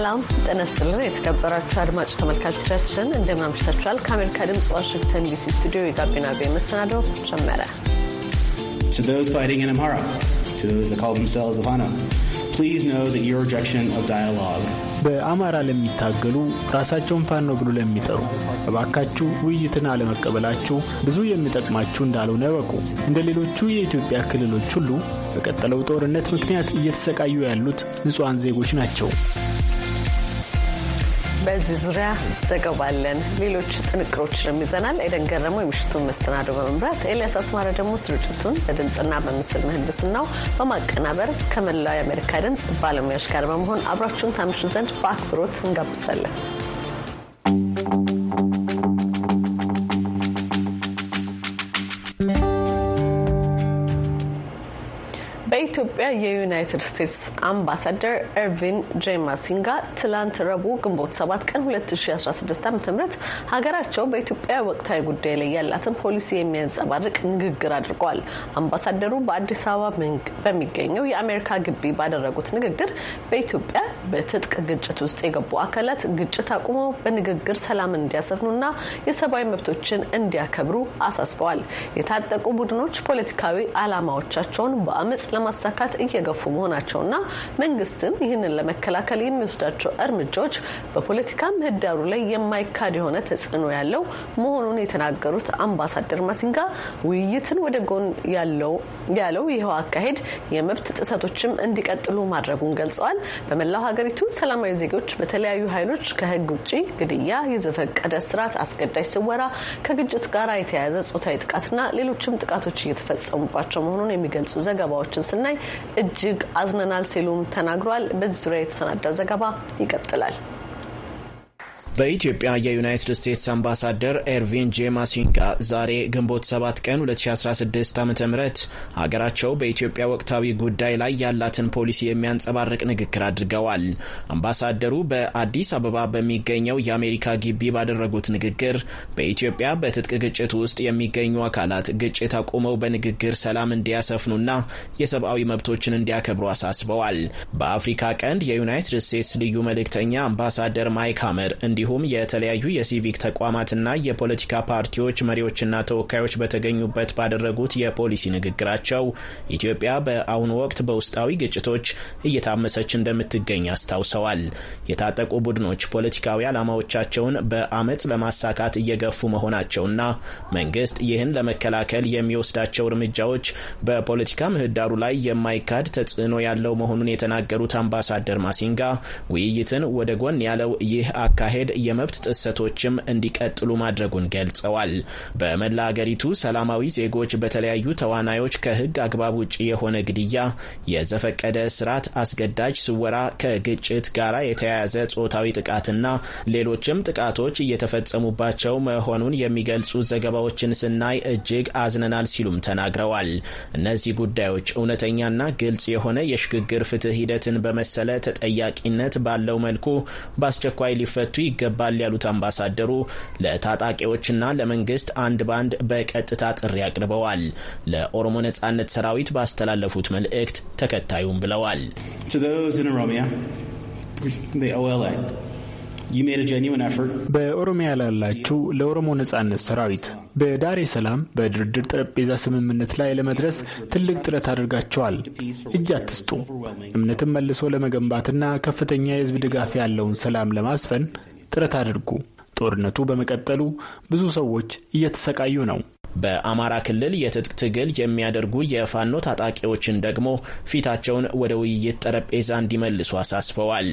ሰላም ጤና ይስጥልን። የተከበራችሁ አድማጭ ተመልካቾቻችን እንደምን አምሽታችኋል? ከአሜሪካ ድምፅ ዋሽንግተን ዲሲ ስቱዲዮ የጋቢና ቤ መሰናዶ ጀመረ። በአማራ ለሚታገሉ ራሳቸውን ፋኖ ብሎ ለሚጠሩ እባካችሁ ውይይትን አለመቀበላችሁ ብዙ የሚጠቅማችሁ እንዳልሆነ እወቁ። እንደ ሌሎቹ የኢትዮጵያ ክልሎች ሁሉ በቀጠለው ጦርነት ምክንያት እየተሰቃዩ ያሉት ንጹሐን ዜጎች ናቸው። በዚህ ዙሪያ ዘገባለን ሌሎች ጥንቅሮችንም ይዘናል። ኤደን ገረመው የምሽቱን መሰናዶ በመምራት ኤልያስ አስማረ ደግሞ ስርጭቱን በድምፅና በምስል ምህንድስናው በማቀናበር ከመላው የአሜሪካ ድምፅ ባለሙያዎች ጋር በመሆን አብራችሁን ታምሹ ዘንድ በአክብሮት እንጋብዛለን። በኢትዮጵያ የዩናይትድ ስቴትስ አምባሳደር ኤርቪን ጄማሲንጋ ትላንት ረቡዕ ግንቦት 7 ቀን 2016 ዓ ም ሀገራቸው በኢትዮጵያ ወቅታዊ ጉዳይ ላይ ያላትን ፖሊሲ የሚያንጸባርቅ ንግግር አድርገዋል። አምባሳደሩ በአዲስ አበባ በሚገኘው የአሜሪካ ግቢ ባደረጉት ንግግር በኢትዮጵያ በትጥቅ ግጭት ውስጥ የገቡ አካላት ግጭት አቁመው በንግግር ሰላም እንዲያሰፍኑና የሰብአዊ መብቶችን እንዲያከብሩ አሳስበዋል። የታጠቁ ቡድኖች ፖለቲካዊ ዓላማዎቻቸውን በአመፅ ለማሳካት ጥቃት እየገፉ መሆናቸውና መንግስትም ይህንን ለመከላከል የሚወስዳቸው እርምጃዎች በፖለቲካ ምህዳሩ ላይ የማይካድ የሆነ ተጽዕኖ ያለው መሆኑን የተናገሩት አምባሳደር ማሲንጋ ውይይትን ወደ ጎን ያለው ያለው ይኸው አካሄድ የመብት ጥሰቶችም እንዲቀጥሉ ማድረጉን ገልጸዋል። በመላው ሀገሪቱ ሰላማዊ ዜጎች በተለያዩ ኃይሎች ከህግ ውጭ ግድያ፣ የዘፈቀደ ስርዓት፣ አስገዳጅ ስወራ፣ ከግጭት ጋር የተያያዘ ጾታዊ ጥቃትና ሌሎችም ጥቃቶች እየተፈጸሙባቸው መሆኑን የሚገልጹ ዘገባዎችን ስናይ እጅግ አዝነናል ሲሉም ተናግሯል። በዚህ ዙሪያ የተሰናዳው ዘገባ ይቀጥላል። በኢትዮጵያ የዩናይትድ ስቴትስ አምባሳደር ኤርቪን ጄ ማሲንጋ ዛሬ ግንቦት 7 ቀን 2016 ዓ ም ሀገራቸው በኢትዮጵያ ወቅታዊ ጉዳይ ላይ ያላትን ፖሊሲ የሚያንጸባርቅ ንግግር አድርገዋል። አምባሳደሩ በአዲስ አበባ በሚገኘው የአሜሪካ ግቢ ባደረጉት ንግግር በኢትዮጵያ በትጥቅ ግጭት ውስጥ የሚገኙ አካላት ግጭት አቁመው በንግግር ሰላም እንዲያሰፍኑና የሰብአዊ መብቶችን እንዲያከብሩ አሳስበዋል። በአፍሪካ ቀንድ የዩናይትድ ስቴትስ ልዩ መልእክተኛ አምባሳደር ማይክ ሀመር እንዲ እንዲሁም የተለያዩ የሲቪክ ተቋማትና የፖለቲካ ፓርቲዎች መሪዎችና ተወካዮች በተገኙበት ባደረጉት የፖሊሲ ንግግራቸው ኢትዮጵያ በአሁኑ ወቅት በውስጣዊ ግጭቶች እየታመሰች እንደምትገኝ አስታውሰዋል። የታጠቁ ቡድኖች ፖለቲካዊ ዓላማዎቻቸውን በአመፅ ለማሳካት እየገፉ መሆናቸውና መንግስት ይህን ለመከላከል የሚወስዳቸው እርምጃዎች በፖለቲካ ምህዳሩ ላይ የማይካድ ተጽዕኖ ያለው መሆኑን የተናገሩት አምባሳደር ማሲንጋ ውይይትን ወደ ጎን ያለው ይህ አካሄድ ረገድ የመብት ጥሰቶችም እንዲቀጥሉ ማድረጉን ገልጸዋል። በመላ አገሪቱ ሰላማዊ ዜጎች በተለያዩ ተዋናዮች ከህግ አግባብ ውጭ የሆነ ግድያ፣ የዘፈቀደ ስርዓት፣ አስገዳጅ ስወራ፣ ከግጭት ጋር የተያያዘ ጾታዊ ጥቃትና ሌሎችም ጥቃቶች እየተፈጸሙባቸው መሆኑን የሚገልጹ ዘገባዎችን ስናይ እጅግ አዝነናል ሲሉም ተናግረዋል። እነዚህ ጉዳዮች እውነተኛና ግልጽ የሆነ የሽግግር ፍትህ ሂደትን በመሰለ ተጠያቂነት ባለው መልኩ በአስቸኳይ ሊፈቱ ይገባል ያሉት አምባሳደሩ ለታጣቂዎችና ለመንግስት አንድ ባንድ በቀጥታ ጥሪ አቅርበዋል። ለኦሮሞ ነጻነት ሰራዊት ባስተላለፉት መልእክት ተከታዩም ብለዋል። በኦሮሚያ ላላችሁ ለኦሮሞ ነጻነት ሰራዊት በዳሬ ሰላም በድርድር ጠረጴዛ ስምምነት ላይ ለመድረስ ትልቅ ጥረት አድርጋቸዋል። እጅ አትስጡ። እምነትን መልሶ ለመገንባትና ከፍተኛ የህዝብ ድጋፍ ያለውን ሰላም ለማስፈን ጥረት አድርጉ። ጦርነቱ በመቀጠሉ ብዙ ሰዎች እየተሰቃዩ ነው። በአማራ ክልል የትጥቅ ትግል የሚያደርጉ የፋኖ ታጣቂዎችን ደግሞ ፊታቸውን ወደ ውይይት ጠረጴዛ እንዲመልሱ አሳስበዋል።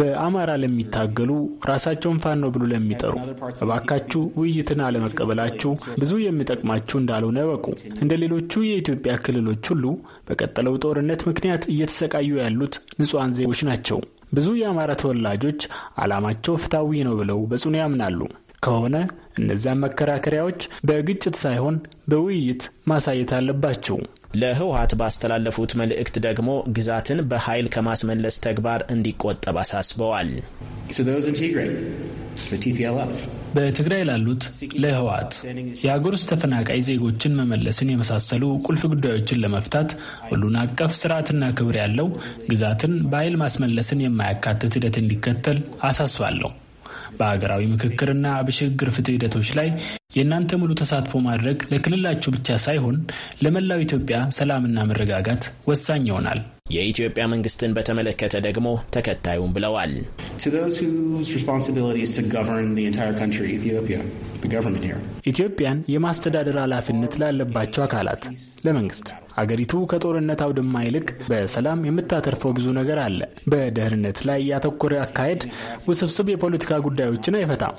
በአማራ ለሚታገሉ ራሳቸውን ፋኖ ብሎ ለሚጠሩ እባካችሁ ውይይትን አለመቀበላችሁ ብዙ የሚጠቅማችሁ እንዳልሆነ እወቁ። እንደ ሌሎቹ የኢትዮጵያ ክልሎች ሁሉ በቀጠለው ጦርነት ምክንያት እየተሰቃዩ ያሉት ንጹሐን ዜጎች ናቸው። ብዙ የአማራ ተወላጆች ዓላማቸው ፍታዊ ነው ብለው በጽኑ ያምናሉ ከሆነ እነዚያን መከራከሪያዎች በግጭት ሳይሆን በውይይት ማሳየት አለባቸው። ለህወሀት ባስተላለፉት መልእክት ደግሞ ግዛትን በኃይል ከማስመለስ ተግባር እንዲቆጠብ አሳስበዋል። በትግራይ ላሉት ለህወሓት የአገር ውስጥ ተፈናቃይ ዜጎችን መመለስን የመሳሰሉ ቁልፍ ጉዳዮችን ለመፍታት ሁሉን አቀፍ ስርዓትና ክብር ያለው ግዛትን በኃይል ማስመለስን የማያካትት ሂደት እንዲከተል አሳስባለሁ። በሀገራዊ ምክክርና በሽግግር ፍትህ ሂደቶች ላይ የእናንተ ሙሉ ተሳትፎ ማድረግ ለክልላችሁ ብቻ ሳይሆን ለመላው ኢትዮጵያ ሰላምና መረጋጋት ወሳኝ ይሆናል። የኢትዮጵያ መንግስትን በተመለከተ ደግሞ ተከታዩም ብለዋል። ኢትዮጵያን የማስተዳደር ኃላፊነት ላለባቸው አካላት፣ ለመንግስት አገሪቱ ከጦርነት አውድማ ይልቅ በሰላም የምታተርፈው ብዙ ነገር አለ። በደህንነት ላይ ያተኮረ አካሄድ ውስብስብ የፖለቲካ ጉዳዮችን አይፈታም።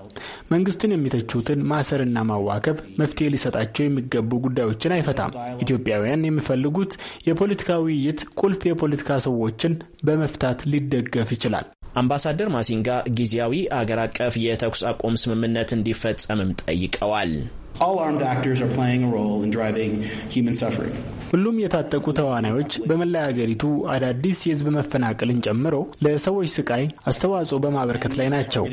መንግስትን የሚተቹትን ማሰርና ማዋከብ መፍትሄ ሊሰጣቸው የሚገቡ ጉዳዮችን አይፈታም። ኢትዮጵያውያን የሚፈልጉት የፖለቲካ ውይይት ቁልፍ የፖለቲካ ሰዎችን በመፍታት ሊደገፍ ይችላል። አምባሳደር ማሲንጋ ጊዜያዊ አገር አቀፍ የተኩስ አቁም ስምምነት እንዲፈጸምም ጠይቀዋል። all armed actors are playing a role in driving human suffering. ሁሉም የታጠቁ ተዋናዮች በመላይ ሀገሪቱ አዳዲስ የህዝብ መፈናቀልን ጨምሮ ለሰዎች ስቃይ አስተዋጽኦ በማበርከት ላይ ናቸው።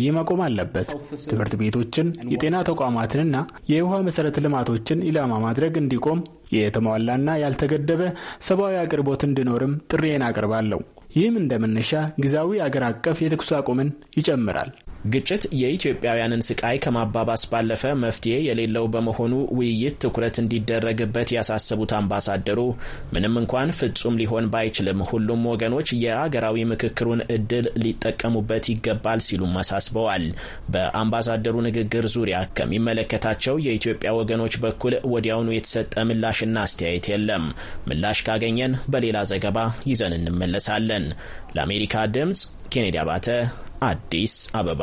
ይህ መቆም አለበት። ትምህርት ቤቶችን፣ የጤና ተቋማትንና የውሃ መሰረተ ልማቶችን ኢላማ ማድረግ እንዲቆም የተሟላና ያልተገደበ ሰብአዊ አቅርቦት እንዲኖርም ጥሪዬን አቅርባለሁ። ይህም እንደ መነሻ ጊዜያዊ አገር አቀፍ የተኩስ አቁምን ይጨምራል። ግጭት የኢትዮጵያውያንን ስቃይ ከማባባስ ባለፈ መፍትሄ የሌለው በመሆኑ ውይይት ትኩረት እንዲደረግበት ያሳሰቡት አምባሳደሩ ምንም እንኳን ፍጹም ሊሆን ባይችልም ሁሉም ወገኖች የአገራዊ ምክክሩን እድል ሊጠቀሙበት ይገባል ሲሉም አሳስበዋል። በአምባሳደሩ ንግግር ዙሪያ ከሚመለከታቸው የኢትዮጵያ ወገኖች በኩል ወዲያውኑ የተሰጠ ምላሽና አስተያየት የለም። ምላሽ ካገኘን በሌላ ዘገባ ይዘን እንመለሳለን። ለአሜሪካ ድምጽ ኬኔዲ አባተ አዲስ አበባ።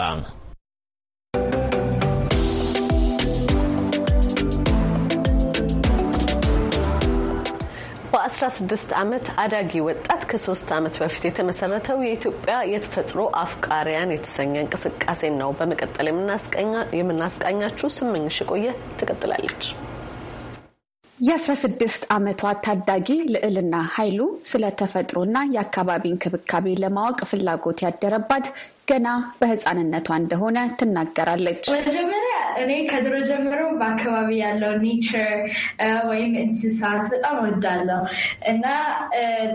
በ16 ዓመት አዳጊ ወጣት ከሶስት ዓመት በፊት የተመሰረተው የኢትዮጵያ የተፈጥሮ አፍቃሪያን የተሰኘ እንቅስቃሴ ነው። በመቀጠል የምናስቃኛችሁ ስመኝሽ ቆየ ትቀጥላለች። የ16 ዓመቷ ታዳጊ ልዕልና ኃይሉ ስለ ተፈጥሮና የአካባቢ እንክብካቤ ለማወቅ ፍላጎት ያደረባት ገና በህፃንነቷ እንደሆነ ትናገራለች። መጀመሪያ እኔ ከድሮ ጀምሮ በአካባቢ ያለው ኔቸር ወይም እንስሳት በጣም ወዳለው እና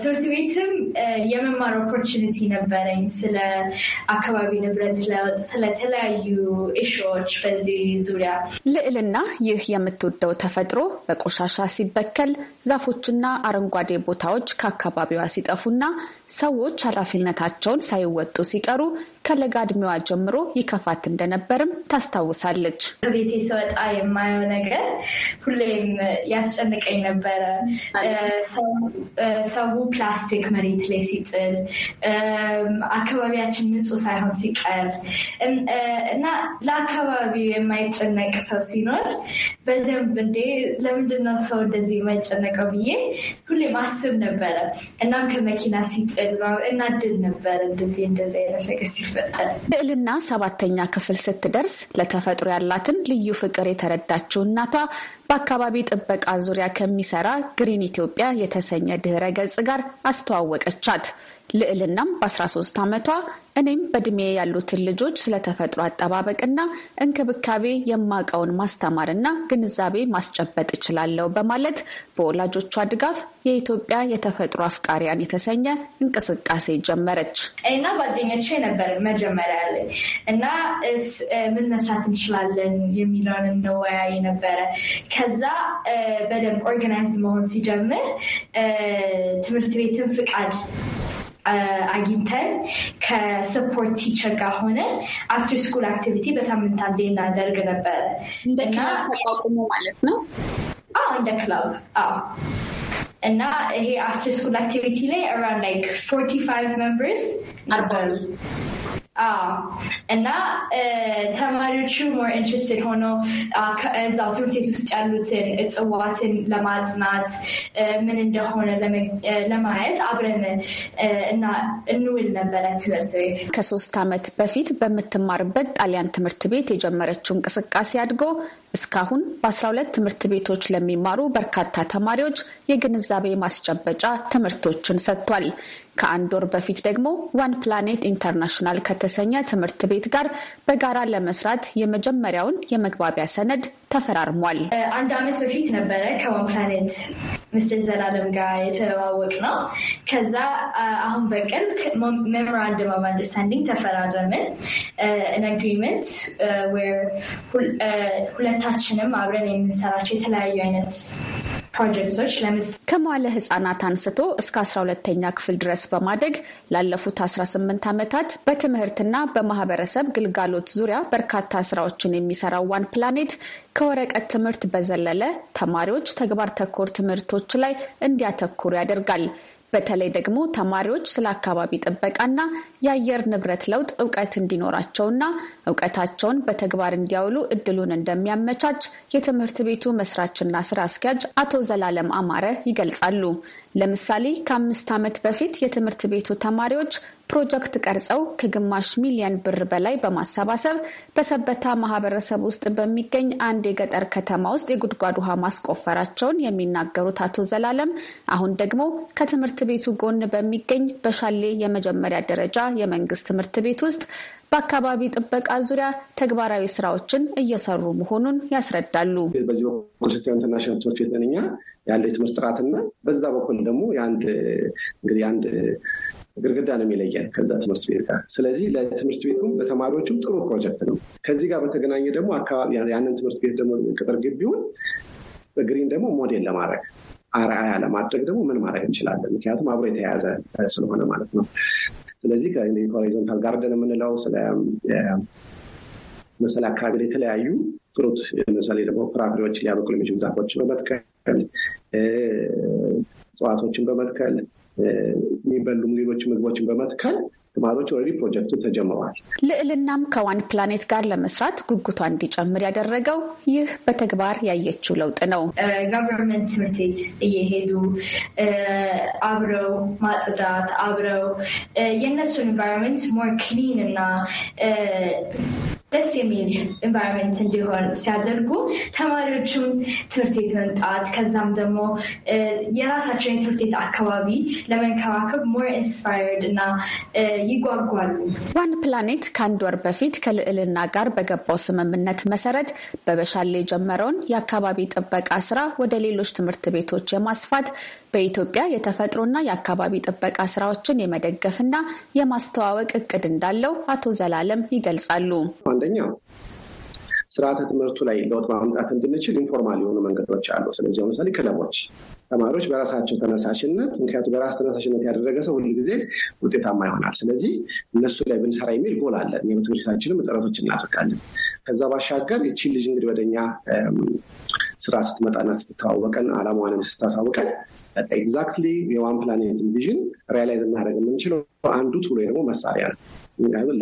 ትምህርት ቤትም የመማር ኦፖርቹኒቲ ነበረኝ ስለ አካባቢ ንብረት ለውጥ፣ ስለተለያዩ ኢሹዎች በዚህ ዙሪያ። ልዕልና ይህ የምትወደው ተፈጥሮ በቆሻሻ ሲበከል፣ ዛፎችና አረንጓዴ ቦታዎች ከአካባቢዋ ሲጠፉና ሰዎች ኃላፊነታቸውን ሳይወጡ ሲቀሩ ከለጋ እድሜዋ ጀምሮ ይከፋት እንደነበርም ታስታውሳለች። ቤቴ ስወጣ የማየው ነገር ሁሌም ያስጨንቀኝ ነበረ። ሰው ፕላስቲክ መሬት ላይ ሲጥል፣ አካባቢያችን ንጹህ ሳይሆን ሲቀር እና ለአካባቢው የማይጨነቅ ሰው ሲኖር በደንብ እንዴ ለምንድነው ሰው እንደዚህ የማይጨነቀው ብዬ ሁሌም አስብ ነበረ። እናም ከመኪና ሲጥል እናድል ነበር እንደዚህ እንደዚህ አይነት ነገር ሲል ልዕልና ሰባተኛ ክፍል ስትደርስ ለተፈጥሮ ያላትን ልዩ ፍቅር የተረዳችው እናቷ በአካባቢ ጥበቃ ዙሪያ ከሚሰራ ግሪን ኢትዮጵያ የተሰኘ ድህረ ገጽ ጋር አስተዋወቀቻት። ልዕልናም በ13 ዓመቷ እኔም በእድሜ ያሉትን ልጆች ስለተፈጥሮ አጠባበቅና እንክብካቤ የማውቀውን ማስተማርና ግንዛቤ ማስጨበጥ እችላለሁ በማለት በወላጆቿ ድጋፍ የኢትዮጵያ የተፈጥሮ አፍቃሪያን የተሰኘ እንቅስቃሴ ጀመረች እና ጓደኞች ነበር መጀመሪያ ላይ እና ምን መስራት እንችላለን የሚለውን እንወያይ ነበረ። ከዛ በደንብ ኦርጋናይዝ መሆን ሲጀምር ትምህርት ቤትን ፍቃድ አግኝተን ከሰፖርት ቲቸር ጋር ሆነ አፍተር ስኩል አክቲቪቲ በሳምንት አንዴ እናደርግ ነበረ። እንደ ክላብ ተቋቁሞ ማለት ነው። አዎ እንደ ክላብ አዎ። እና ይሄ አፍተር ስኩል አክቲቪቲ ላይ አራውንድ ላይክ ፎርቲ ፋይቭ ሜምበርስ ነበሩ። እና ተማሪዎቹ ሞር ኢንትረስትድ ሆኖ እዛው ትምህርት ቤት ውስጥ ያሉትን እጽዋትን ለማጥናት ምን እንደሆነ ለማየት አብረን እና እንውል ነበረ ትምህርት ቤት። ከሶስት ዓመት በፊት በምትማርበት ጣሊያን ትምህርት ቤት የጀመረችው እንቅስቃሴ አድጎ እስካሁን በ12 ትምህርት ቤቶች ለሚማሩ በርካታ ተማሪዎች የግንዛቤ ማስጨበጫ ትምህርቶችን ሰጥቷል። ከአንድ ወር በፊት ደግሞ ዋን ፕላኔት ኢንተርናሽናል ከተሰኘ ትምህርት ቤት ጋር በጋራ ለመስራት የመጀመሪያውን የመግባቢያ ሰነድ ተፈራርሟል። አንድ ዓመት በፊት ነበረ ከዋን ፕላኔት ምስል ዘላለም ጋር የተዋወቅ ነው። ከዛ አሁን በቅርብ ሜሞራንድም ኦፍ አንደርስታንዲንግ ተፈራረምን አግሪመንት uh, uh, ሁለታችንም አብረን የምንሰራቸው የተለያዩ አይነት ፕሮጀክቶች ከመዋለ ህጻናት አንስቶ እስከ አስራ ሁለተኛ ክፍል ድረስ በማደግ ላለፉት 18 ዓመታት በትምህርትና በማህበረሰብ ግልጋሎት ዙሪያ በርካታ ስራዎችን የሚሰራው ዋን ፕላኔት ከወረቀት ትምህርት በዘለለ ተማሪዎች ተግባር ተኮር ትምህርቶች ላይ እንዲያተኩሩ ያደርጋል። በተለይ ደግሞ ተማሪዎች ስለ አካባቢ ጥበቃና የአየር ንብረት ለውጥ እውቀት እንዲኖራቸውና እውቀታቸውን በተግባር እንዲያውሉ እድሉን እንደሚያመቻች የትምህርት ቤቱ መስራችና ስራ አስኪያጅ አቶ ዘላለም አማረ ይገልጻሉ። ለምሳሌ ከአምስት ዓመት በፊት የትምህርት ቤቱ ተማሪዎች ፕሮጀክት ቀርጸው ከግማሽ ሚሊየን ብር በላይ በማሰባሰብ በሰበታ ማህበረሰብ ውስጥ በሚገኝ አንድ የገጠር ከተማ ውስጥ የጉድጓድ ውሃ ማስቆፈራቸውን የሚናገሩት አቶ ዘላለም አሁን ደግሞ ከትምህርት ቤቱ ጎን በሚገኝ በሻሌ የመጀመሪያ ደረጃ የመንግስት ትምህርት ቤት ውስጥ በአካባቢ ጥበቃ ዙሪያ ተግባራዊ ስራዎችን እየሰሩ መሆኑን ያስረዳሉ። በዚህ በኩል ኢንተርናሽናል ትምህርት ቤት ነን እኛ ያለው የትምህርት ጥራትና በዛ በኩል ደግሞ የአንድ እንግዲህ የአንድ ግድግዳ ነው የሚለየን ከዛ ትምህርት ቤት ጋር። ስለዚህ ለትምህርት ቤቱም ለተማሪዎቹም ጥሩ ፕሮጀክት ነው። ከዚህ ጋር በተገናኘ ደግሞ አካባቢ ያንን ትምህርት ቤት ደግሞ ቅጥር ግቢውን በግሪን ደግሞ ሞዴል ለማድረግ አርአያ ለማድረግ ደግሞ ምን ማድረግ እንችላለን? ምክንያቱም አብሮ የተያያዘ ስለሆነ ማለት ነው። ስለዚህ ከሆሪዞንታል ጋርደን የምንለው ስለ መሰል አካባቢ የተለያዩ ፍሩት ለምሳሌ ደግሞ ፍራፍሬዎች ሊያበቅሉ የሚችሉ ዛፎች በመትከል በመትከል እጽዋቶችን በመትከል የሚበሉም ሌሎች ምግቦችን በመትከል ተማሪዎች ኦልሬዲ ፕሮጀክቱ ተጀምረዋል። ልዕልናም ከዋን ፕላኔት ጋር ለመስራት ጉጉቷ እንዲጨምር ያደረገው ይህ በተግባር ያየችው ለውጥ ነው። ጋቨርንመንት ትምህርት ቤት እየሄዱ አብረው ማጽዳት፣ አብረው የእነሱ ኢንቫይሮንመንት ሞር ክሊን እና ደስ የሚል ኢንቫይሮንመንት እንዲሆን ሲያደርጉ ተማሪዎችም ትምህርት ቤት መምጣት ከዛም ደግሞ የራሳቸውን የትምህርት ቤት አካባቢ ለመንከባከብ ሞር ኢንስፓየርድ እና ይጓጓሉ። ዋን ፕላኔት ከአንድ ወር በፊት ከልዕልና ጋር በገባው ስምምነት መሰረት በበሻሌ የጀመረውን የአካባቢ ጥበቃ ስራ ወደ ሌሎች ትምህርት ቤቶች የማስፋት በኢትዮጵያ የተፈጥሮና የአካባቢ ጥበቃ ስራዎችን የመደገፍና የማስተዋወቅ እቅድ እንዳለው አቶ ዘላለም ይገልጻሉ። አንደኛ ስርዓተ ትምህርቱ ላይ ለውጥ ማምጣት እንድንችል ኢንፎርማል የሆኑ መንገዶች አሉ። ስለዚህ ለምሳሌ ክለቦች፣ ተማሪዎች በራሳቸው ተነሳሽነት ምክንያቱም በራስ ተነሳሽነት ያደረገ ሰው ሁሉ ጊዜ ውጤታማ ይሆናል። ስለዚህ እነሱ ላይ ብንሰራ የሚል ጎል አለን። የምትምህርት ቤታችንም ጥረቶች እናደርጋለን። ከዛ ባሻገር ይቺን ልጅ እንግዲህ ወደኛ ስራ ስትመጣና ስትተዋወቀን አላማዋንም ስታሳውቀን ኤግዛክትሊ የዋን ፕላኔትን ቪዥን ሪያላይዝ እናደርግ የምንችለው አንዱ ትብሎ ደግሞ መሳሪያ ነው።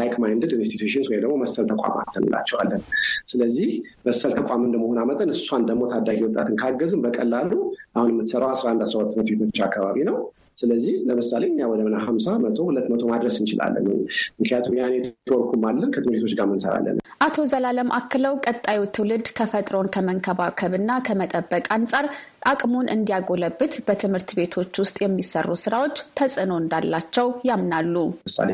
ላይክ ማይንድድ ኢንስቲቱሽንስ ወይ ደግሞ መሰል ተቋማት እንላቸዋለን። ስለዚህ መሰል ተቋም እንደመሆን መጠን እሷን ደግሞ ታዳጊ ወጣትን ካገዝን በቀላሉ አሁን የምትሰራው አስራ አንድ አስራ ሁለት ትምህርት ቤቶች አካባቢ ነው ስለዚህ ለምሳሌ እኛ ወደ ምና ሀምሳ መቶ ሁለት መቶ ማድረስ እንችላለን። ምክንያቱም ያ ኔትወርኩም አለን ከትምህርቶች ጋር እንሰራለን። አቶ ዘላለም አክለው ቀጣዩ ትውልድ ተፈጥሮን ከመንከባከብና ከመጠበቅ አንጻር አቅሙን እንዲያጎለብት በትምህርት ቤቶች ውስጥ የሚሰሩ ስራዎች ተጽዕኖ እንዳላቸው ያምናሉ። ምሳሌ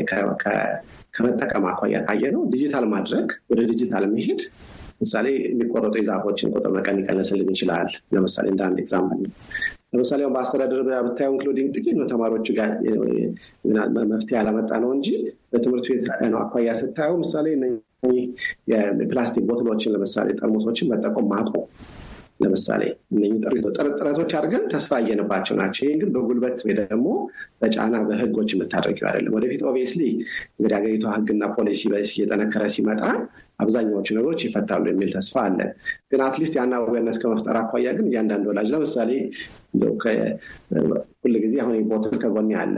ከመጠቀም አኳያ ካየ ነው ዲጂታል ማድረግ ወደ ዲጂታል መሄድ ምሳሌ የሚቆረጡ የዛፎችን ቁጥር መቀን ሊቀንስልን ይችላል። ለምሳሌ እንደ አንድ ኤግዛምፕል ለምሳሌ በአስተዳደር ብታየው ኢንክሉዲንግ ጥቂት ነው ተማሪዎች ጋር መፍትሄ ያላመጣ ነው እንጂ በትምህርት ቤት ነው አኳያ ስታየው ምሳሌ የፕላስቲክ ቦትሎችን ለምሳሌ ጠርሙሶችን መጠቆም ማቆም ለምሳሌ ጥረቶች አድርገን ተስፋ እየንባቸው ናቸው። ይህ ግን በጉልበት ወይ ደግሞ በጫና በህጎች የምታደርጊው አይደለም። ወደፊት ኦብቪየስሊ እንግዲህ ሀገሪቷ ህግና ፖሊሲ እየጠነከረ ሲመጣ አብዛኛዎቹ ነገሮች ይፈታሉ የሚል ተስፋ አለ። ግን አትሊስት ያና ወገነት ከመፍጠር አኳያ ግን እያንዳንድ ወላጅ ለምሳሌ ጊዜ አሁን ቦትል ከጎኔ አለ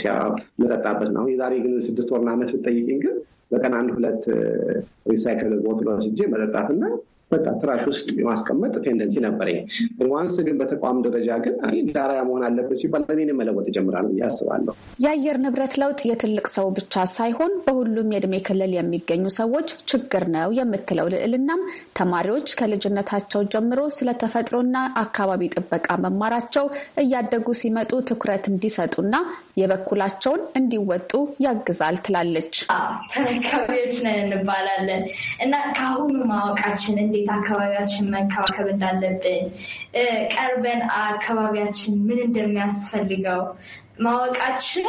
ሲመጠጣበት ነው። የዛሬ ግን ስድስት ወርና ዓመት ብጠይቅኝ ግን በቀን አንድ ሁለት ሪሳይክል ቦትል ወስጄ መጠጣትና በቃ ትራሽ ውስጥ የማስቀመጥ ቴንደንሲ ነበረኝ። ዋንስ ግን በተቋም ደረጃ ግን ዳራ መሆን አለበት ሲባል እኔን መለወጥ ጀምራል ብዬ አስባለሁ። የአየር ንብረት ለውጥ የትልቅ ሰው ብቻ ሳይሆን በሁሉም የእድሜ ክልል የሚገኙ ሰዎች ችግር ነው የምትለው ልዕልናም ተማሪዎች ከልጅነታቸው ጀምሮ ስለ ተፈጥሮና አካባቢ ጥበቃ መማራቸው እያደጉ ሲመጡ ትኩረት እንዲሰጡና የበኩላቸውን እንዲወጡ ያግዛል ትላለች። ተረካቢዎች ነን እንባላለን እና ከአሁኑ ማወቃችን እንዴት እንዴት አካባቢያችን መንከባከብ እንዳለብን ቀርበን አካባቢያችን ምን እንደሚያስፈልገው ማወቃችን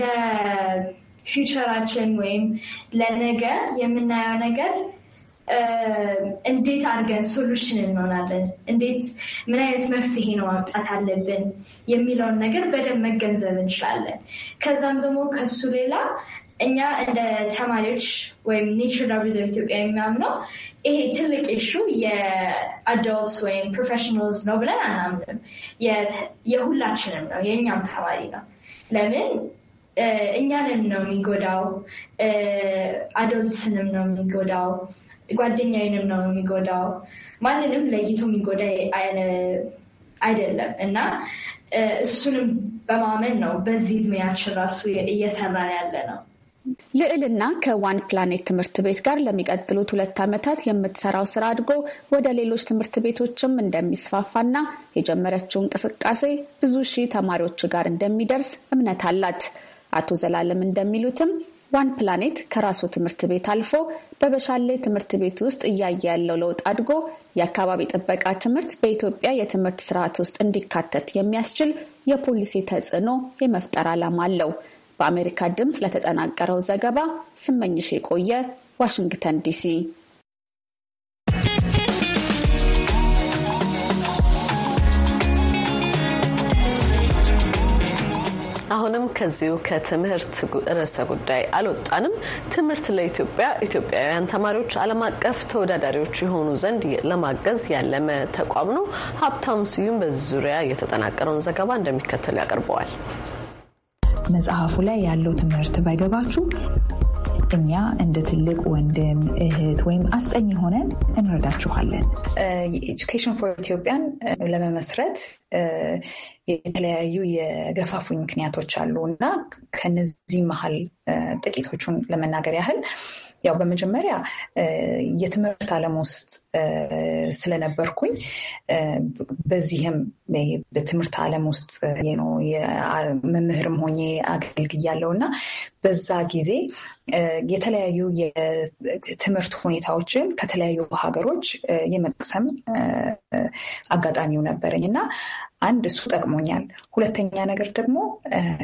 ለፊውቸራችን ወይም ለነገ የምናየው ነገር እንዴት አድርገን ሶሉሽን እንሆናለን፣ እንዴት ምን አይነት መፍትሄ ነው ማምጣት አለብን የሚለውን ነገር በደንብ መገንዘብ እንችላለን። ከዛም ደግሞ ከሱ ሌላ እኛ እንደ ተማሪዎች ወይም ኔቸር ዳብሊዝ ኦፍ ኢትዮጵያ የሚያምነው ይሄ ትልቅ ኢሹ የአዳልትስ ወይም ፕሮፌሽናልስ ነው ብለን አናምንም። የሁላችንም ነው፣ የእኛም ተማሪ ነው። ለምን እኛንም ነው የሚጎዳው፣ አዳልትስንም ነው የሚጎዳው፣ ጓደኛዬንም ነው የሚጎዳው። ማንንም ለይቶ የሚጎዳ አይደለም እና እሱንም በማመን ነው በዚህ እድሜያችን ራሱ እየሰራን ያለ ነው። ልዕልና ከዋን ፕላኔት ትምህርት ቤት ጋር ለሚቀጥሉት ሁለት ዓመታት የምትሰራው ስራ አድጎ ወደ ሌሎች ትምህርት ቤቶችም እንደሚስፋፋና የጀመረችው እንቅስቃሴ ብዙ ሺህ ተማሪዎች ጋር እንደሚደርስ እምነት አላት። አቶ ዘላለም እንደሚሉትም ዋን ፕላኔት ከራሱ ትምህርት ቤት አልፎ በበሻሌ ትምህርት ቤት ውስጥ እያየ ያለው ለውጥ አድጎ የአካባቢ ጥበቃ ትምህርት በኢትዮጵያ የትምህርት ስርዓት ውስጥ እንዲካተት የሚያስችል የፖሊሲ ተጽዕኖ የመፍጠር ዓላማ አለው። በአሜሪካ ድምፅ ለተጠናቀረው ዘገባ ስመኝሽ የቆየ ዋሽንግተን ዲሲ። አሁንም ከዚሁ ከትምህርት ርዕሰ ጉዳይ አልወጣንም። ትምህርት ለኢትዮጵያ ኢትዮጵያውያን ተማሪዎች ዓለም አቀፍ ተወዳዳሪዎች የሆኑ ዘንድ ለማገዝ ያለመ ተቋም ነው። ሀብታሙ ስዩም በዚህ ዙሪያ የተጠናቀረውን ዘገባ እንደሚከተሉ ያቀርበዋል። መጽሐፉ ላይ ያለው ትምህርት ባይገባችሁ እኛ እንደ ትልቅ ወንድም እህት ወይም አስጠኝ ሆነን እንረዳችኋለን። ኤጁኬሽን ፎር ኢትዮጵያን ለመመስረት የተለያዩ የገፋፉኝ ምክንያቶች አሉ እና ከነዚህ መሀል ጥቂቶቹን ለመናገር ያህል ያው በመጀመሪያ የትምህርት ዓለም ውስጥ ስለነበርኩኝ በዚህም በትምህርት ዓለም ውስጥ መምህርም ሆኜ አገልግያለሁ እና በዛ ጊዜ የተለያዩ የትምህርት ሁኔታዎችን ከተለያዩ ሀገሮች የመቅሰም አጋጣሚው ነበረኝ እና አንድ እሱ ጠቅሞኛል። ሁለተኛ ነገር ደግሞ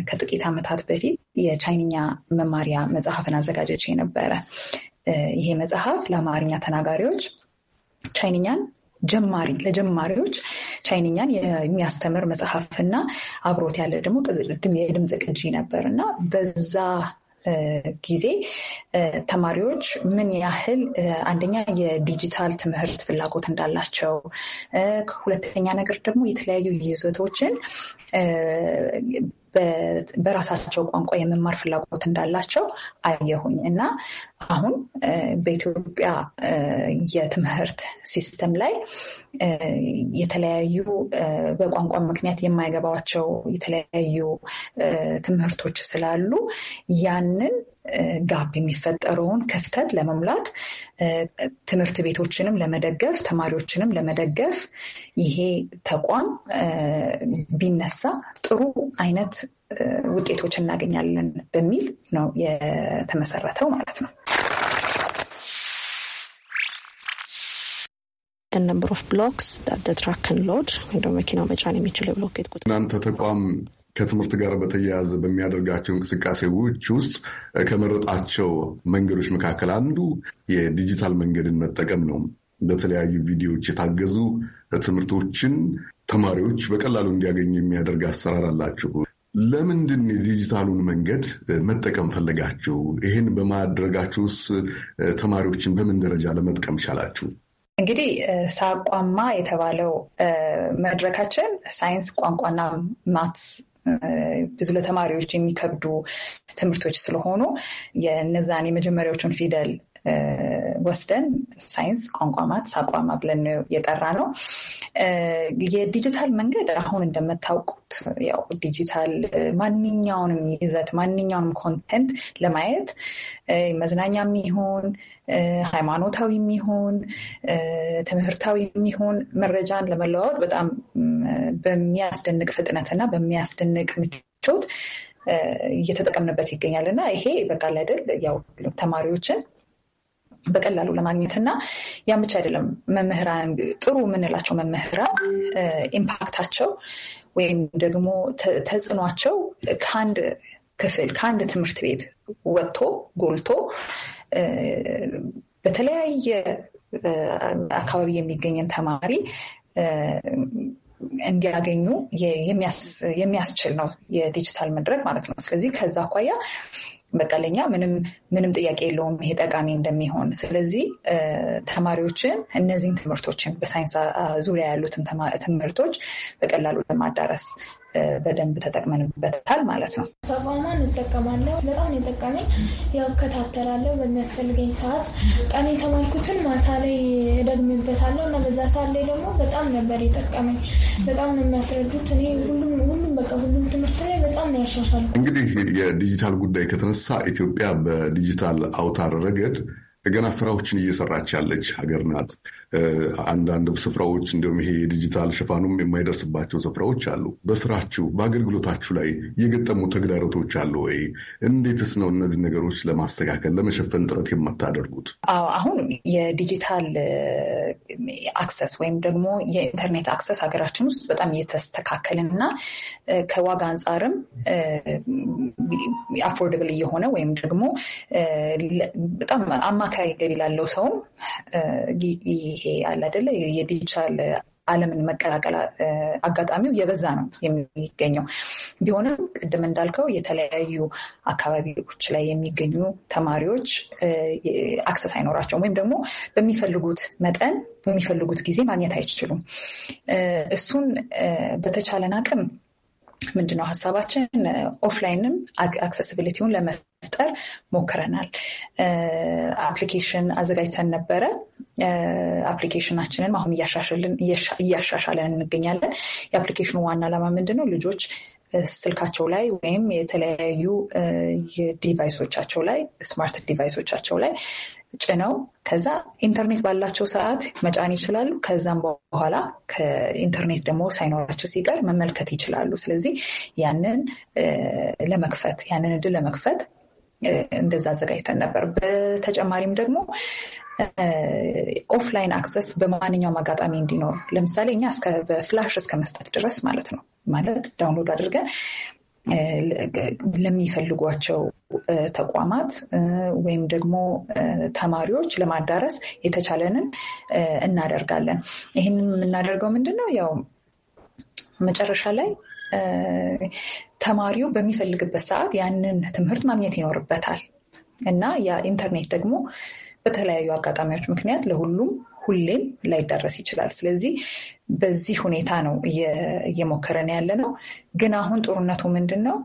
ከጥቂት ዓመታት በፊት የቻይንኛ መማሪያ መጽሐፍን አዘጋጀች የነበረ ይሄ መጽሐፍ ለአማርኛ ተናጋሪዎች ቻይንኛን ጀማሪ ለጀማሪዎች ቻይንኛን የሚያስተምር መጽሐፍና አብሮት ያለ ደግሞ የድምፅ ቅጂ ነበር እና በዛ ጊዜ ተማሪዎች ምን ያህል አንደኛ የዲጂታል ትምህርት ፍላጎት እንዳላቸው፣ ሁለተኛ ነገር ደግሞ የተለያዩ ይዘቶችን በራሳቸው ቋንቋ የመማር ፍላጎት እንዳላቸው አየሁኝ እና አሁን በኢትዮጵያ የትምህርት ሲስተም ላይ የተለያዩ በቋንቋ ምክንያት የማይገባቸው የተለያዩ ትምህርቶች ስላሉ ያንን ጋፕ የሚፈጠረውን ክፍተት ለመሙላት ትምህርት ቤቶችንም ለመደገፍ ተማሪዎችንም ለመደገፍ ይሄ ተቋም ቢነሳ ጥሩ አይነት ውጤቶች እናገኛለን በሚል ነው የተመሰረተው ማለት ነው። እናንተ ተቋም ከትምህርት ጋር በተያያዘ በሚያደርጋቸው እንቅስቃሴዎች ውስጥ ከመረጣቸው መንገዶች መካከል አንዱ የዲጂታል መንገድን መጠቀም ነው። በተለያዩ ቪዲዮዎች የታገዙ ትምህርቶችን ተማሪዎች በቀላሉ እንዲያገኙ የሚያደርግ አሰራር አላችሁ። ለምንድን የዲጂታሉን መንገድ መጠቀም ፈለጋችሁ? ይህን በማድረጋችሁስ ተማሪዎችን በምን ደረጃ ለመጥቀም ቻላችሁ? እንግዲህ ሳቋማ የተባለው መድረካችን ሳይንስ ቋንቋና ማትስ ብዙ ለተማሪዎች የሚከብዱ ትምህርቶች ስለሆኑ የነዛን የመጀመሪያዎቹን ፊደል ወስደን ሳይንስ ቋንቋማት ሳቋማ ብለን የጠራ ነው። የዲጂታል መንገድ አሁን እንደምታውቁት ያው ዲጂታል ማንኛውንም ይዘት ማንኛውንም ኮንቴንት ለማየት መዝናኛ ይሁን ሃይማኖታዊ ይሁን ትምህርታዊ ሚሆን መረጃን ለመለዋወጥ በጣም በሚያስደንቅ ፍጥነትና በሚያስደንቅ ምቾት እየተጠቀምንበት ይገኛል እና ይሄ በቃል አይደል ያው ተማሪዎችን በቀላሉ ለማግኘት እና ያም ብቻ አይደለም። መምህራን ጥሩ የምንላቸው መምህራን ኢምፓክታቸው ወይም ደግሞ ተጽዕኗቸው ከአንድ ክፍል ከአንድ ትምህርት ቤት ወጥቶ ጎልቶ በተለያየ አካባቢ የሚገኝን ተማሪ እንዲያገኙ የሚያስችል ነው የዲጂታል መድረክ ማለት ነው። ስለዚህ ከዛ አኳያ በቀለኛ ምንም ምንም ጥያቄ የለውም ይሄ ጠቃሚ እንደሚሆን። ስለዚህ ተማሪዎችን እነዚህን ትምህርቶችን በሳይንስ ዙሪያ ያሉትን ትምህርቶች በቀላሉ ለማዳረስ በደንብ ተጠቅመንበታል ማለት ነው። ሰቋማን እጠቀማለሁ። በጣም የጠቀመኝ ያው እከታተላለሁ። በሚያስፈልገኝ ሰዓት ቀን የተማልኩትን ማታ ላይ እደግምበታለሁ እና በዛ ሰዓት ላይ ደግሞ በጣም ነበር የጠቀመኝ። በጣም ነው የሚያስረዱት። እኔ ሁሉም ሁሉም በቃ ሁሉም ትምህርት ላይ በጣም ነው እንግዲህ የዲጂታል ጉዳይ ከተነሳ ኢትዮጵያ በዲጂታል አውታር ረገድ ገና ስራዎችን እየሰራች ያለች ሀገር ናት። አንዳንድ ስፍራዎች እንዲሁም ይሄ የዲጂታል ሽፋኑም የማይደርስባቸው ስፍራዎች አሉ። በስራችሁ በአገልግሎታችሁ ላይ የገጠሙ ተግዳሮቶች አሉ ወይ? እንዴትስ ነው እነዚህ ነገሮች ለማስተካከል ለመሸፈን ጥረት የምታደርጉት አሁን የዲጂታል አክሰስ ወይም ደግሞ የኢንተርኔት አክሰስ ሀገራችን ውስጥ በጣም እና ከዋጋ አንጻርም አፎርደብል እየሆነ ወይም ደግሞ በጣም አማካይ ገቢ ላለው ሰውም ይሄ አለ አይደለ የዲጂታል ዓለምን መቀላቀል አጋጣሚው የበዛ ነው የሚገኘው። ቢሆንም ቅድም እንዳልከው የተለያዩ አካባቢዎች ላይ የሚገኙ ተማሪዎች አክሰስ አይኖራቸውም ወይም ደግሞ በሚፈልጉት መጠን በሚፈልጉት ጊዜ ማግኘት አይችሉም። እሱን በተቻለን አቅም ምንድነው ሀሳባችን ኦፍላይንም አክሰስቢሊቲውን ለመፍጠር ሞክረናል። አፕሊኬሽን አዘጋጅተን ነበረ። አፕሊኬሽናችንን አሁን እያሻሻለን እንገኛለን። የአፕሊኬሽኑ ዋና ዓላማ ምንድነው ልጆች ስልካቸው ላይ ወይም የተለያዩ ዲቫይሶቻቸው ላይ ስማርት ዲቫይሶቻቸው ላይ ጭነው ከዛ ኢንተርኔት ባላቸው ሰዓት መጫን ይችላሉ። ከዛም በኋላ ከኢንተርኔት ደግሞ ሳይኖራቸው ሲቀር መመልከት ይችላሉ። ስለዚህ ያንን ለመክፈት ያንን እድል ለመክፈት እንደዛ አዘጋጅተን ነበር። በተጨማሪም ደግሞ ኦፍላይን አክሰስ በማንኛውም አጋጣሚ እንዲኖር ለምሳሌ እኛ በፍላሽ እስከ መስጠት ድረስ ማለት ነው ማለት ዳውንሎድ አድርገን ለሚፈልጓቸው ተቋማት ወይም ደግሞ ተማሪዎች ለማዳረስ የተቻለንን እናደርጋለን። ይህንን የምናደርገው ምንድን ነው? ያው መጨረሻ ላይ ተማሪው በሚፈልግበት ሰዓት ያንን ትምህርት ማግኘት ይኖርበታል እና ያ ኢንተርኔት ደግሞ በተለያዩ አጋጣሚዎች ምክንያት ለሁሉም ሁሌም ላይዳረስ ይችላል። ስለዚህ በዚህ ሁኔታ ነው እየሞከረን ያለ ነው። ግን አሁን ጦርነቱ ምንድን ነው?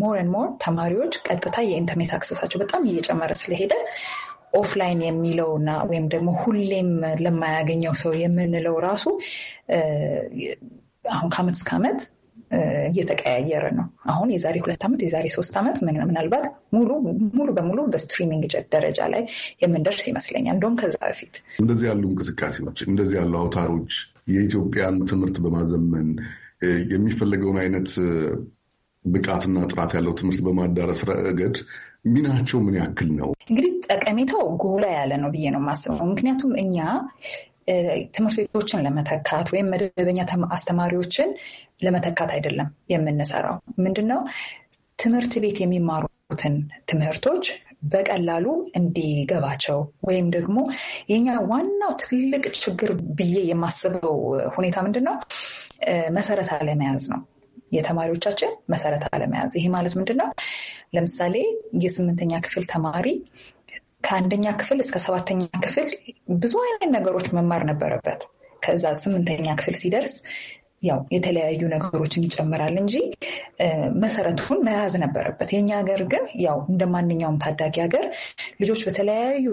ሞር ን ሞር ተማሪዎች ቀጥታ የኢንተርኔት አክሰሳቸው በጣም እየጨመረ ስለሄደ ኦፍላይን የሚለው እና ወይም ደግሞ ሁሌም ለማያገኘው ሰው የምንለው ራሱ አሁን ከአመት እስከ ዓመት እየተቀያየረ ነው። አሁን የዛሬ ሁለት ዓመት የዛሬ ሶስት ዓመት ምናልባት ሙሉ በሙሉ በስትሪሚንግ ደረጃ ላይ የምንደርስ ይመስለኛል። እንደውም ከዛ በፊት እንደዚህ ያሉ እንቅስቃሴዎች እንደዚህ ያሉ አውታሮች የኢትዮጵያን ትምህርት በማዘመን የሚፈለገውን አይነት ብቃትና ጥራት ያለው ትምህርት በማዳረስ ረገድ ሚናቸው ምን ያክል ነው? እንግዲህ ጠቀሜታው ጎላ ያለ ነው ብዬ ነው የማስበው። ምክንያቱም እኛ ትምህርት ቤቶችን ለመተካት ወይም መደበኛ አስተማሪዎችን ለመተካት አይደለም የምንሰራው። ምንድን ነው ትምህርት ቤት የሚማሩትን ትምህርቶች በቀላሉ እንዲገባቸው ወይም ደግሞ የኛ ዋናው ትልቅ ችግር ብዬ የማስበው ሁኔታ ምንድን ነው? መሰረት አለመያዝ ነው። የተማሪዎቻችን መሰረት አለመያዝ። ይሄ ማለት ምንድን ነው? ለምሳሌ የስምንተኛ ክፍል ተማሪ ከአንደኛ ክፍል እስከ ሰባተኛ ክፍል ብዙ አይነት ነገሮች መማር ነበረበት። ከዛ ስምንተኛ ክፍል ሲደርስ ያው የተለያዩ ነገሮችን ይጨምራል እንጂ መሰረቱን መያዝ ነበረበት። የኛ ሀገር ግን ያው እንደ ማንኛውም ታዳጊ ሀገር ልጆች በተለያዩ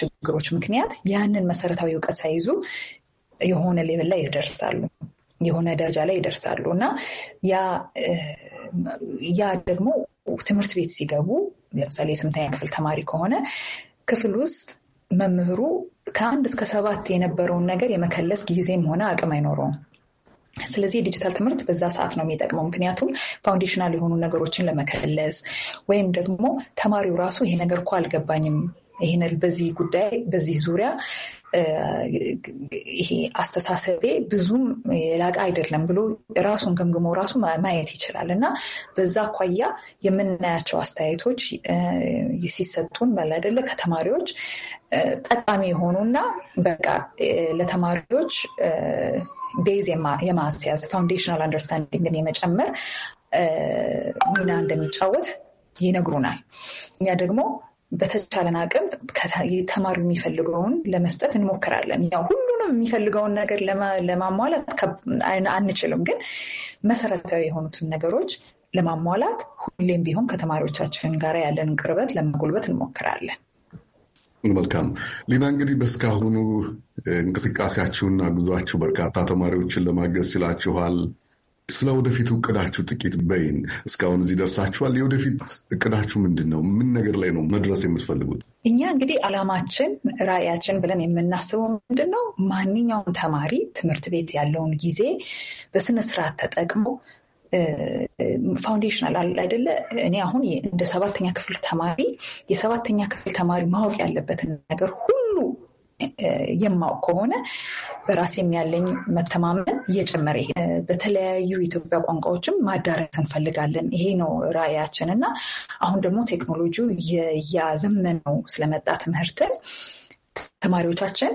ችግሮች ምክንያት ያንን መሰረታዊ እውቀት ሳይዙ የሆነ ሌብል ላይ ይደርሳሉ፣ የሆነ ደረጃ ላይ ይደርሳሉ እና ያ ደግሞ ትምህርት ቤት ሲገቡ ለምሳሌ የስምንተኛ ክፍል ተማሪ ከሆነ ክፍል ውስጥ መምህሩ ከአንድ እስከ ሰባት የነበረውን ነገር የመከለስ ጊዜም ሆነ አቅም አይኖረውም። ስለዚህ የዲጂታል ትምህርት በዛ ሰዓት ነው የሚጠቅመው። ምክንያቱም ፋውንዴሽናል የሆኑ ነገሮችን ለመከለስ ወይም ደግሞ ተማሪው ራሱ ይሄ ነገር እኮ አልገባኝም ይህን በዚህ ጉዳይ በዚህ ዙሪያ ይሄ አስተሳሰቤ ብዙም የላቀ አይደለም ብሎ ራሱን ገምግሞ ራሱ ማየት ይችላል እና በዛ አኳያ የምናያቸው አስተያየቶች ሲሰጡን መላደለ ከተማሪዎች ጠቃሚ የሆኑ እና በቃ ለተማሪዎች ቤዝ የማስያዝ ፋውንዴሽናል አንደርስታንዲንግን የመጨመር ሚና እንደሚጫወት ይነግሩናል። እኛ ደግሞ በተቻለን አቅም ተማሪው የሚፈልገውን ለመስጠት እንሞክራለን። ያው ሁሉንም የሚፈልገውን ነገር ለማሟላት አንችልም፣ ግን መሰረታዊ የሆኑትን ነገሮች ለማሟላት ሁሌም ቢሆን ከተማሪዎቻችን ጋር ያለንን ቅርበት ለመጎልበት እንሞክራለን። መልካም ሊና፣ እንግዲህ በእስካሁኑ እንቅስቃሴያችሁና ጉዟችሁ በርካታ ተማሪዎችን ለማገዝ ችላችኋል። ስለ ወደፊት እቅዳችሁ ጥቂት በይን። እስካሁን እዚህ ደርሳችኋል። የወደፊት እቅዳችሁ ምንድን ነው? ምን ነገር ላይ ነው መድረስ የምትፈልጉት? እኛ እንግዲህ አላማችን ራዕያችን ብለን የምናስበው ምንድን ነው? ማንኛውም ተማሪ ትምህርት ቤት ያለውን ጊዜ በስነስርዓት ተጠቅሞ ፋውንዴሽናል አለ አይደለ? እኔ አሁን እንደ ሰባተኛ ክፍል ተማሪ የሰባተኛ ክፍል ተማሪ ማወቅ ያለበትን ነገር ሁሉ የማወቅ ከሆነ በራሴ ያለኝ መተማመን እየጨመረ በተለያዩ የኢትዮጵያ ቋንቋዎችም ማዳረስ እንፈልጋለን። ይሄ ነው ራዕያችን እና አሁን ደግሞ ቴክኖሎጂው እያዘመነው ስለመጣ ትምህርትን ተማሪዎቻችን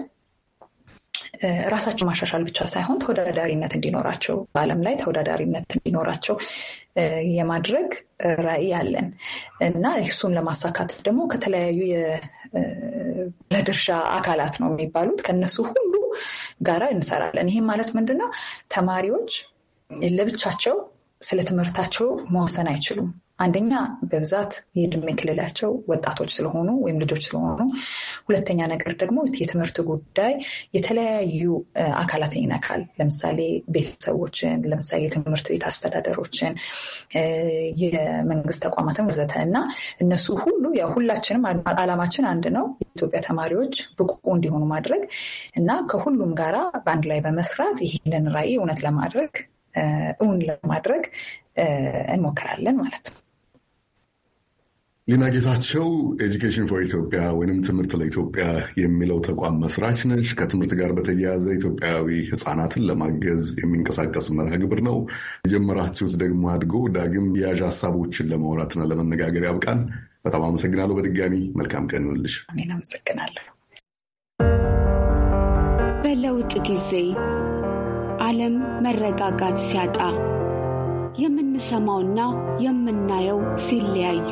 ራሳቸው ማሻሻል ብቻ ሳይሆን ተወዳዳሪነት እንዲኖራቸው በዓለም ላይ ተወዳዳሪነት እንዲኖራቸው የማድረግ ራዕይ አለን እና እሱን ለማሳካት ደግሞ ከተለያዩ ለድርሻ አካላት ነው የሚባሉት ከነሱ ሁሉ ጋራ እንሰራለን። ይህም ማለት ምንድነው ተማሪዎች ለብቻቸው ስለ ትምህርታቸው መወሰን አይችሉም። አንደኛ በብዛት የእድሜ ክልላቸው ወጣቶች ስለሆኑ ወይም ልጆች ስለሆኑ፣ ሁለተኛ ነገር ደግሞ የትምህርት ጉዳይ የተለያዩ አካላትን ይነካል። ለምሳሌ ቤተሰቦችን፣ ለምሳሌ የትምህርት ቤት አስተዳደሮችን፣ የመንግስት ተቋማትን ወዘተ እና እነሱ ሁሉ ያው ሁላችንም አላማችን አንድ ነው፣ የኢትዮጵያ ተማሪዎች ብቁ እንዲሆኑ ማድረግ እና ከሁሉም ጋራ በአንድ ላይ በመስራት ይህንን ራዕይ እውነት ለማድረግ እውን ለማድረግ እንሞክራለን ማለት ነው። ሊና ጌታቸው ኤጁኬሽን ፎር ኢትዮጵያ ወይም ትምህርት ለኢትዮጵያ የሚለው ተቋም መስራች ነች። ከትምህርት ጋር በተያያዘ ኢትዮጵያዊ ሕፃናትን ለማገዝ የሚንቀሳቀስ መርሃ ግብር ነው የጀመራችሁት። ደግሞ አድጎ ዳግም የያዥ ሀሳቦችን ለማውራትና ለመነጋገር ያብቃን። በጣም አመሰግናለሁ። በድጋሚ መልካም ቀን ይሁንልሽ። አመሰግናለሁ። በለውጥ ጊዜ ዓለም መረጋጋት ሲያጣ የምንሰማውና የምናየው ሲለያዩ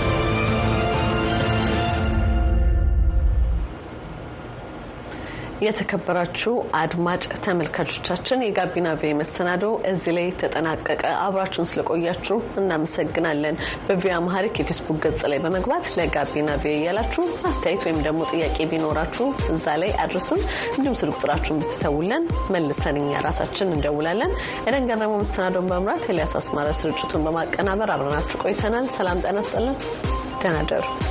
የተከበራችሁ አድማጭ ተመልካቾቻችን የጋቢና ቪ መሰናዶ እዚህ ላይ ተጠናቀቀ። አብራችሁን ስለቆያችሁ እናመሰግናለን። በቪኦኤ አማሪክ የፌስቡክ ገጽ ላይ በመግባት ለጋቢና ቪ እያላችሁ አስተያየት ወይም ደግሞ ጥያቄ ቢኖራችሁ እዛ ላይ አድርስም፣ እንዲሁም ስልክ ቁጥራችሁን ብትተውለን መልሰን እኛ ራሳችን እንደውላለን። ኤደን ገረመው መሰናዶውን በመምራት ኤልያስ አስማረ ስርጭቱን በማቀናበር አብረናችሁ ቆይተናል። ሰላም ጤና ይስጥልን። ደህና ደሩ።